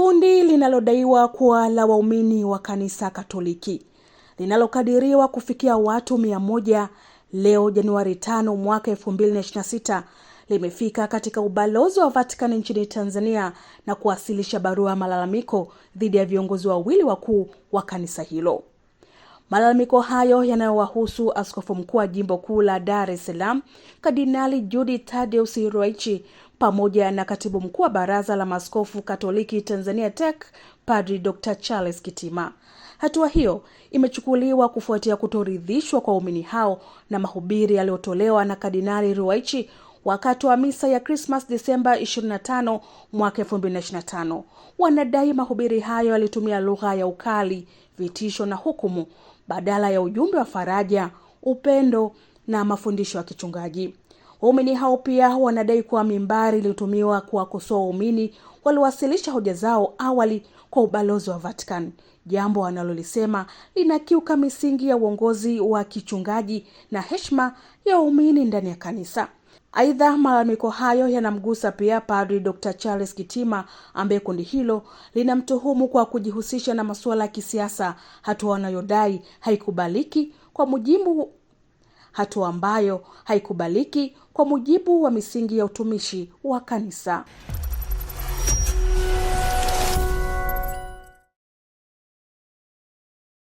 Kundi linalodaiwa kuwa la waumini wa kanisa Katoliki linalokadiriwa kufikia watu 1 leo Januari 5 mwaka 226 limefika katika ubalozi wa vatikani nchini Tanzania na kuwasilisha barua ya malalamiko dhidi ya viongozi wawili wakuu wa kanisa hilo. Malalamiko hayo yanayowahusu askofu mkuu wa jimbo kuu la Dar es Salaam Kardinali Judi Tadeus Ruwaichi pamoja na katibu mkuu wa Baraza la Maaskofu Katoliki Tanzania TEC Padri Dr. Charles Kitima. Hatua hiyo imechukuliwa kufuatia kutoridhishwa kwa waumini hao na mahubiri yaliyotolewa na Kardinali Ruwaichi wakati wa misa ya Krismas Disemba 25 mwaka 2025. Wanadai mahubiri hayo yalitumia lugha ya ukali, vitisho na hukumu badala ya ujumbe wa faraja upendo na mafundisho ya kichungaji waumini hao pia wanadai kuwa mimbari ilitumiwa kuwakosoa waumini waliwasilisha hoja zao awali kwa ubalozi wa vatican jambo wanalolisema linakiuka misingi ya uongozi wa kichungaji na heshima ya waumini ndani ya kanisa Aidha, malalamiko hayo yanamgusa pia Padri Dr Charles Kitima ambaye kundi hilo linamtuhumu kwa kujihusisha na masuala ya kisiasa, hatua wanayodai haikubaliki kwa mujibu hatua ambayo haikubaliki kwa mujibu wa misingi ya utumishi wa Kanisa.